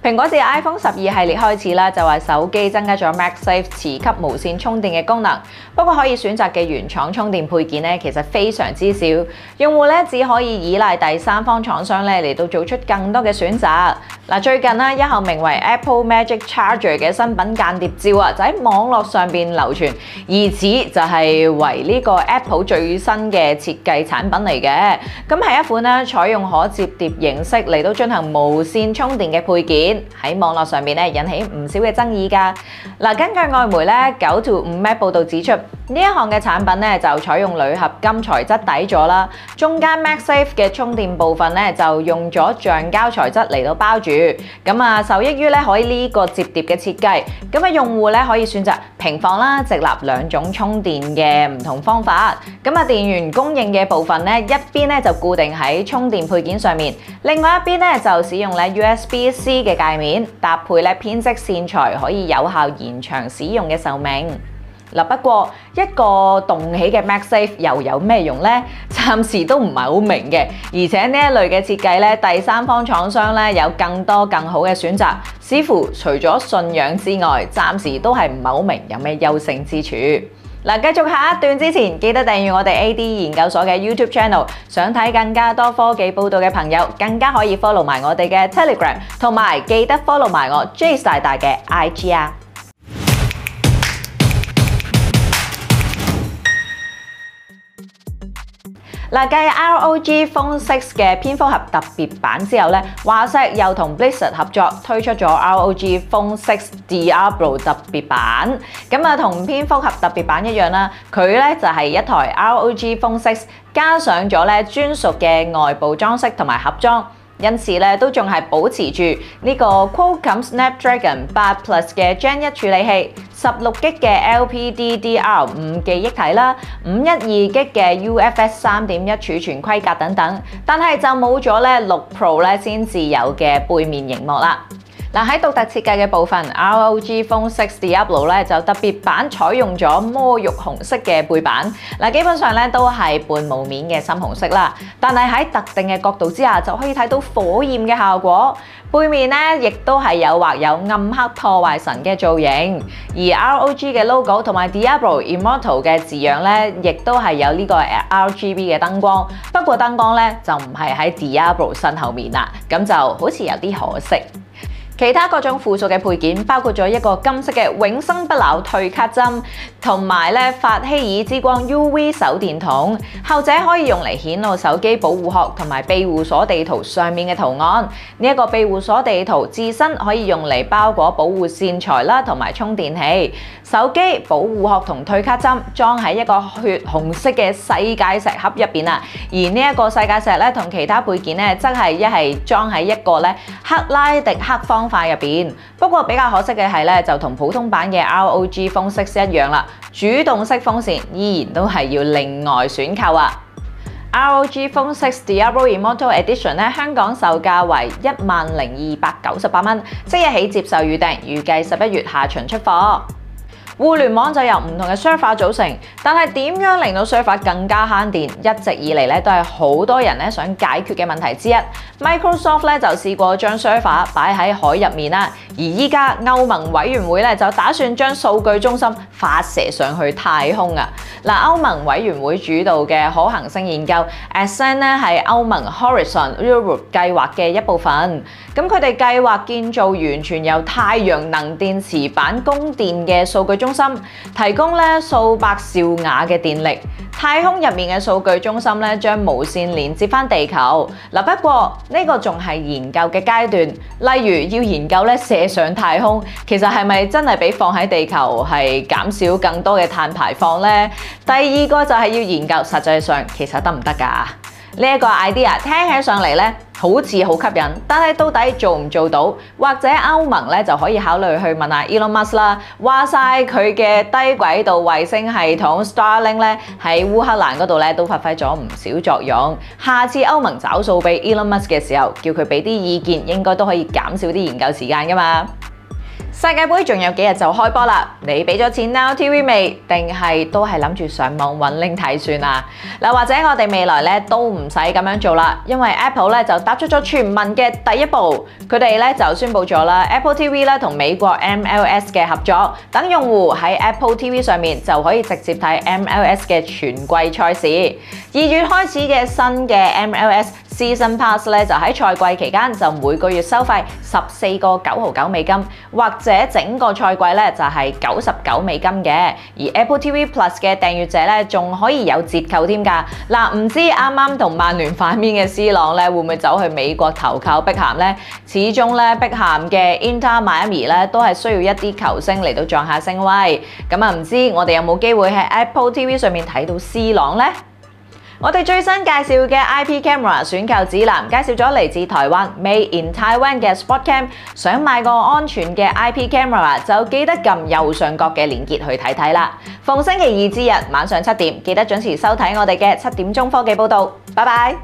蘋果自 iPhone 十二系列開始啦，就話手機增加咗 MagSafe 磁吸無線充電嘅功能，不過可以選擇嘅原廠充電配件其實非常之少，用戶咧只可以依賴第三方廠商咧嚟到做出更多嘅選擇。嗱，最近一項名為 Apple Magic Charger 嘅新品間諜照啊，就喺網絡上邊流傳，而此就係為呢個 Apple 最新嘅設計產品嚟嘅，咁係一款採用可折疊形式嚟到進行無線充電嘅配件。喺網絡上面咧引起唔少嘅爭議噶。嗱，根據外媒咧《九 to 五 Mac》報道指出，呢一項嘅產品咧就採用鋁合金材質底座啦，中間 MagSafe 嘅充電部分咧就用咗橡膠材質嚟到包住。咁啊，受益於咧可以呢個折疊嘅設計，咁啊用戶咧可以選擇平放啦、直立兩種充電嘅唔同方法。咁啊，電源供應嘅部分咧一邊咧就固定喺充電配件上面，另外一邊咧就使用咧 USB-C 嘅。界面搭配咧編織線材，可以有效延長使用嘅壽命。嗱，不過一個動起嘅 MagSafe 又有咩用呢？暫時都唔係好明嘅。而且呢一類嘅設計咧，第三方廠商咧有更多更好嘅選擇。似乎除咗信仰之外，暫時都係唔係好明有咩優勝之處。嗱，繼續下一段之前，記得訂閱我哋 AD 研究所嘅 YouTube Channel，想睇更加多科技報道嘅朋友，更加可以 follow 埋我哋嘅 Telegram，同埋記得 follow 埋我 Jace 大大嘅 IG 啊！嗱，繼 ROG Phone 6嘅蝙蝠俠特別版之後咧，華碩又同 Blizzard 合作推出咗 ROG Phone 6 Diablo 特別版。咁啊，同蝙蝠俠特別版一樣啦，佢咧就係一台 ROG Phone 6加上咗咧專屬嘅外部裝飾同埋盒裝。因此咧，都仲係保持住呢個 Qualcomm Snapdragon 8 Plus 嘅 Gen 一處理器，十六 G 嘅 LPDDR 五記憶體啦，五一二 G 嘅 UFS 三點一儲存規格等等，但係就冇咗咧六 Pro 咧先至有嘅背面屏幕啦。在喺獨特設計嘅部分，R O G Phone 6 Diablo 就特別版採用咗魔玉紅色嘅背板，基本上呢都係半霧面嘅深紅色啦。但係喺特定嘅角度之下就可以睇到火焰嘅效果。背面亦都係有畫有暗黑破壞神嘅造型，而 R O G 嘅 logo 同埋 Diablo Immortal 嘅字樣亦都係有呢個 R G B 嘅燈光。不過燈光咧就唔係喺 Diablo 身後面啦，咁就好似有啲可惜。其他各種附屬嘅配件包括咗一個金色嘅永生不朽退卡針，同埋咧法希爾之光 UV 手電筒，後者可以用嚟顯露手機保護殼同埋庇護所地圖上面嘅圖案。呢一個庇護所地圖自身可以用嚟包裹保護線材啦，同埋充電器、手機保護殼同退卡針裝喺一個血紅色嘅世界石盒入邊啊。而呢一個世界石咧同其他配件咧，則係一係裝喺一個咧克拉迪克方塊入邊，不過比較可惜嘅係咧，就同普通版嘅 ROG Phone 6一樣啦，主動式風扇依然都係要另外選購啊。ROG Phone 6 Diablo Immortal Edition 咧，香港售價為一萬零二百九十八蚊，即日起接受預訂，預計十一月下旬出貨。互聯網就由唔同嘅 server 組成，但係點樣令到 server 更加慳電，一直以嚟咧都係好多人咧想解決嘅問題之一。Microsoft 咧就試過將 server 擺喺海入面啦，而依家歐盟委員會咧就打算將數據中心發射上去太空啊！嗱，歐盟委員會主導嘅可行性研究 ASCEND 呢係歐盟 Horizon Europe 計劃嘅一部分，咁佢哋計劃建造完全由太陽能電池板供電嘅數據中心。中心提供咧數百兆瓦嘅電力，太空入面嘅數據中心咧將無線連接翻地球。嗱，不過呢、呢個仲係研究嘅階段，例如要研究咧射上太空，其實係咪真係比放喺地球係減少更多嘅碳排放呢？第二個就係要研究實際，實際上其實得唔得噶？呢一個 idea 聽起上嚟呢，好似好吸引，但係到底做唔做到？或者歐盟呢就可以考慮去問下 Elon Musk 啦，話晒佢嘅低軌道衛星系統 Starlink 呢喺烏克蘭嗰度呢都發揮咗唔少作用。下次歐盟找數俾 Elon Musk 嘅時候，叫佢俾啲意見，應該都可以減少啲研究時間㗎嘛。世界杯仲有幾日就開波啦！你俾咗錢 now TV 未？定係都係諗住上網搵拎睇算啦。或者我哋未來咧都唔使咁樣做啦，因為 Apple 咧就踏出咗全民嘅第一步，佢哋咧就宣布咗啦，Apple TV 咧同美國 MLS 嘅合作，等用戶喺 Apple TV 上面就可以直接睇 MLS 嘅全季賽事。二月開始嘅新嘅 MLS。Season Pass 咧就喺賽季期間就每個月收費十四個九毫九美金，或者整個賽季咧就係九十九美金嘅。而 Apple TV Plus 嘅訂閱者咧仲可以有折扣添㗎。嗱，唔知啱啱同曼聯反面嘅 C 朗咧會唔會走去美國投靠碧咸呢？始終咧碧咸嘅 Inter Miami 咧都係需要一啲球星嚟到壯下聲威。咁啊唔知道我哋有冇機會喺 Apple TV 上面睇到 C 朗呢？我哋最新介紹嘅 IP camera 選購指南，介紹咗嚟自台灣，Made in Taiwan 嘅 SpotCam。想買個安全嘅 IP camera 就記得撳右上角嘅連結去睇睇啦。逢星期二至日晚上七點，記得準時收睇我哋嘅七點鐘科技報道。拜拜。